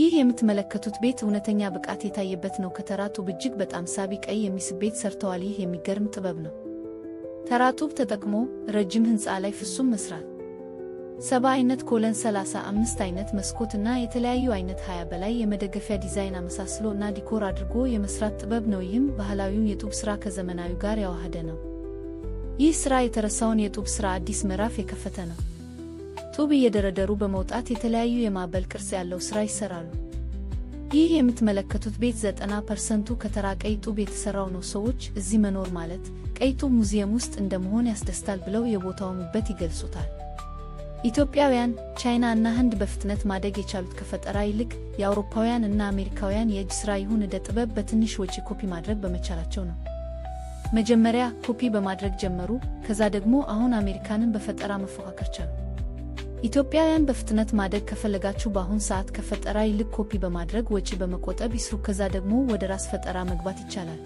ይህ የምትመለከቱት ቤት እውነተኛ ብቃት የታየበት ነው። ከተራ ጡብ እጅግ በጣም ሳቢ ቀይ የሚስብ ቤት ሰርተዋል። ይህ የሚገርም ጥበብ ነው። ተራ ጡብ ተጠቅሞ ረጅም ህንፃ ላይ ፍጹም መስራት ሰባ አይነት ኮለን ሰላሳ አምስት አይነት መስኮት እና የተለያዩ አይነት ሀያ በላይ የመደገፊያ ዲዛይን አመሳስሎ እና ዲኮር አድርጎ የመስራት ጥበብ ነው። ይህም ባህላዊውን የጡብ ስራ ከዘመናዊ ጋር ያዋሃደ ነው። ይህ ስራ የተረሳውን የጡብ ስራ አዲስ ምዕራፍ የከፈተ ነው። ጡብ እየደረደሩ በመውጣት የተለያዩ የማዕበል ቅርጽ ያለው ሥራ ይሠራሉ። ይህ የምትመለከቱት ቤት ዘጠና ፐርሰንቱ ከተራ ቀይ ጡብ የተሠራው ነው። ሰዎች እዚህ መኖር ማለት ቀይ ጡብ ሙዚየም ውስጥ እንደመሆን ያስደስታል ብለው የቦታውን ውበት ይገልጹታል። ኢትዮጵያውያን፣ ቻይና እና ህንድ በፍጥነት ማደግ የቻሉት ከፈጠራ ይልቅ የአውሮፓውያን እና አሜሪካውያን የእጅ ሥራ ይሁን ዕደ ጥበብ በትንሽ ወጪ ኮፒ ማድረግ በመቻላቸው ነው። መጀመሪያ ኮፒ በማድረግ ጀመሩ። ከዛ ደግሞ አሁን አሜሪካንን በፈጠራ መፎካከር ቻሉ። ኢትዮጵያውያን በፍጥነት ማደግ ከፈለጋችሁ በአሁን ሰዓት ከፈጠራ ይልቅ ኮፒ በማድረግ ወጪ በመቆጠብ ይስሩ። ከዛ ደግሞ ወደ ራስ ፈጠራ መግባት ይቻላል።